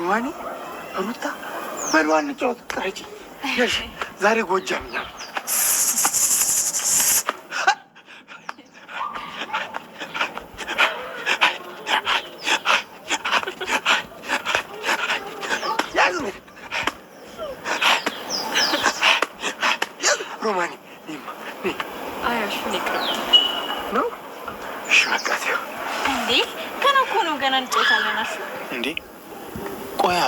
ሩዋኒ ሩታ በልዋን ጨዋት ጣጭ ያሽ ዛሬ ጎጃምኛ እንዴ ነው ገና እንጫወታለን። አሹ እንዴ ቆያ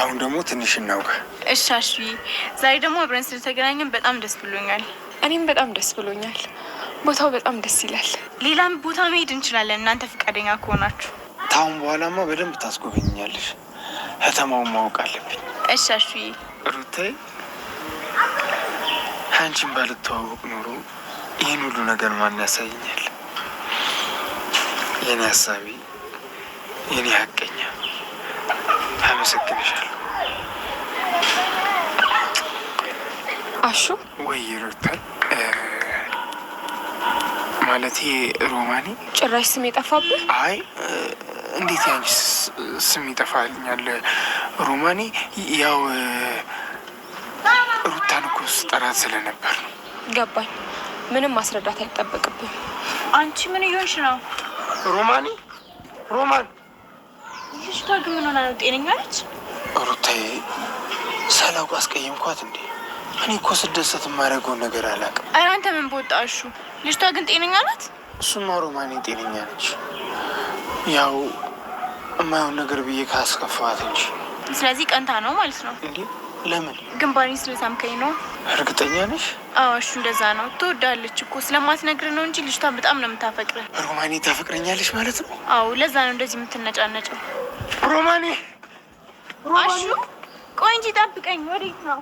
አሁን ደግሞ ትንሽ እናውጋ። እሻሽ ዛሬ ደግሞ አብረን ስለተገናኘን በጣም ደስ ብሎኛል። እኔም በጣም ደስ ብሎኛል። ቦታው በጣም ደስ ይላል። ሌላም ቦታ መሄድ እንችላለን እናንተ ፈቃደኛ ከሆናችሁ። ታሁን በኋላማ በደንብ ታስጎበኛለሽ። ከተማውን ማወቅ አለብኝ። እሻሽ ሩታይ፣ አንቺን ባልተዋወቅ ኖሮ ይህን ሁሉ ነገር ማን ያሳየኛል? የኔ ሀሳቢ፣ የኔ ሀቀኛ አመሰግንሻለሁ። አሹ ወይ ሩታል ማለት ሮማኒ ጭራሽ ስም የጠፋብህ? አይ እንዴት ያንቺ ስም ይጠፋልኛል? ሮማኒ ያው ሩታን እኮ ስጠራት ስለነበር ነው። ገባኝ። ምንም ማስረዳት አይጠበቅብም። አንቺ ምን እየሆንሽ ነው? ሮማኒ ሮማን ልጅቷ ግን ምን ሆና ነው? ጤነኛ ነች? ሩታዬ፣ ሳላውቅ አስቀየምኳት እንዴ? እኔ እኮ ስደሰት የማደርገውን ነገር አላውቅም። ኧረ አንተ ምን በወጣሹ። ልጅቷ ግን ጤነኛ ናት? እሱማ ሮማኔ ጤነኛ ነች። ያው የማየውን ነገር ብዬ ካስከፋት እንጂ። ስለዚህ ቀንታ ነው ማለት ነው እንዴ? ለምን ግንባሬ ስለሳምከኝ ነው። እርግጠኛ ነሽ? አዋሹ እንደዛ ነው። ትወዳለች እኮ ስለማትነግር ነው እንጂ ልጅቷ በጣም ነው የምታፈቅረ። ሮማኔ ታፈቅረኛለች ማለት ነው? አዎ፣ ለዛ ነው እንደዚህ የምትነጫነጨው። ሮማኔ አሹ ቆይ እንጂ ጠብቀኝ። ወዴት ነው?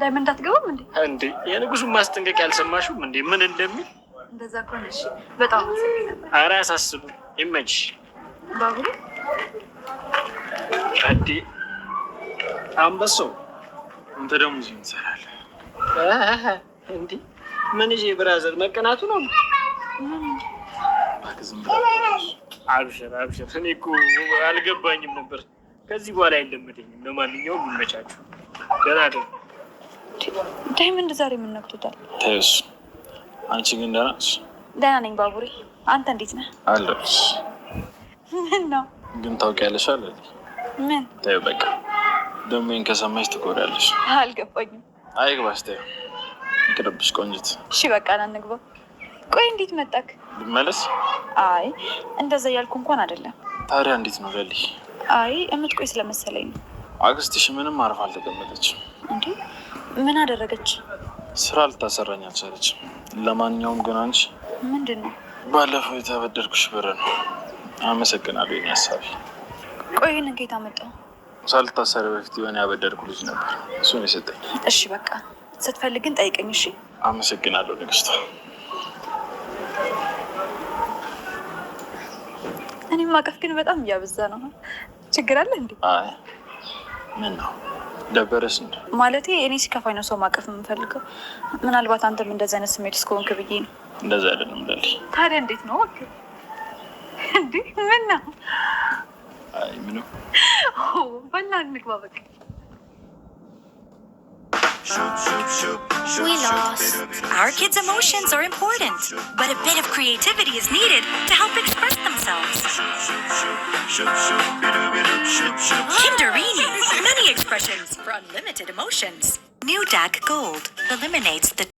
ዳይመንድ አትገባም እንዴ? እንዴ የንጉሱን ማስጠንቀቂያ አልሰማሽም እንዴ? ምን እንደሚል እንደዛ ከሆነ እሺ፣ በጣም ኧረ አያሳስብም። ይመችሽ። ባቡሬ እንዴ አንበሳው አንተ ደግሞ እዚህ እንሰራለን እንዴ? ምን ይዤ ብራዘር መቀናቱ ነው ዝም አብሽር አብሽር። እኔ እኮ አልገባኝም ነበር። ከዚህ በኋላ አይለመደኝም። ለማንኛውም ይመቻችሁ። ደህና ደሩ። ዳይመንድ ዛሬ ምን ነግቶታል? ተይው። አንቺ ግን ደህና ነሽ? ደህና ነኝ ባቡሬ። አንተ እንዴት ነህ? አለሁልሽ። ምን ነው ግን ታውቂያለሽ? አለ ምን? ተይው በቃ ደግሞ ይሄን ከሰማሽ ትጎዳለሽ። አልገባኝም። አይግባሽ። ተይው፣ ይቅርብሽ ቆንጅት። እሺ በቃ ና እንግባ። ቆይ እንዴት መጣክ? ልመለስ? አይ እንደዛ እያልኩ እንኳን አይደለም። ታዲያ እንዴት ነው ለልይ? አይ የምትቆይ ስለመሰለኝ ነው። አክስትሽ ምንም አርፍ አልተቀመጠችም እንዴ? ምን አደረገች? ስራ ልታሰራኝ አልቻለች። ለማንኛውም ግን አንቺ ምንድን ነው ባለፈው የተበደርኩሽ ብር ነው። አመሰግናለሁ። የኔ ሀሳቢ ቆይ ይህንን ከየት አመጣው? ሳልታሰር በፊት የሆነ ያበደርኩ ልጅ ነበር፣ እሱን የሰጠኝ። እሺ በቃ ስትፈልግን ጠይቀኝ። እሺ አመሰግናለሁ ንግስቷ። እኔ ማቀፍ ግን በጣም እያበዛ ነው። ችግር አለ እንዴ? ምን ነው ደበረስ? እንደ ማለቴ እኔ ሲከፋኝ ነው ሰው ማቀፍ የምፈልገው። ምናልባት አንተም እንደዚህ አይነት ስሜት እስከሆንክ ብዬ ነው። እንደዛ አይደለም ለ ታዲያ እንዴት ነው እንዴ? ምን ነው? አይ ምንም በላ እንግባ በቃ We lost. Our kids' emotions are important, but a bit of creativity is needed to help express themselves. Kinderini, many expressions for unlimited emotions. New DAC Gold eliminates the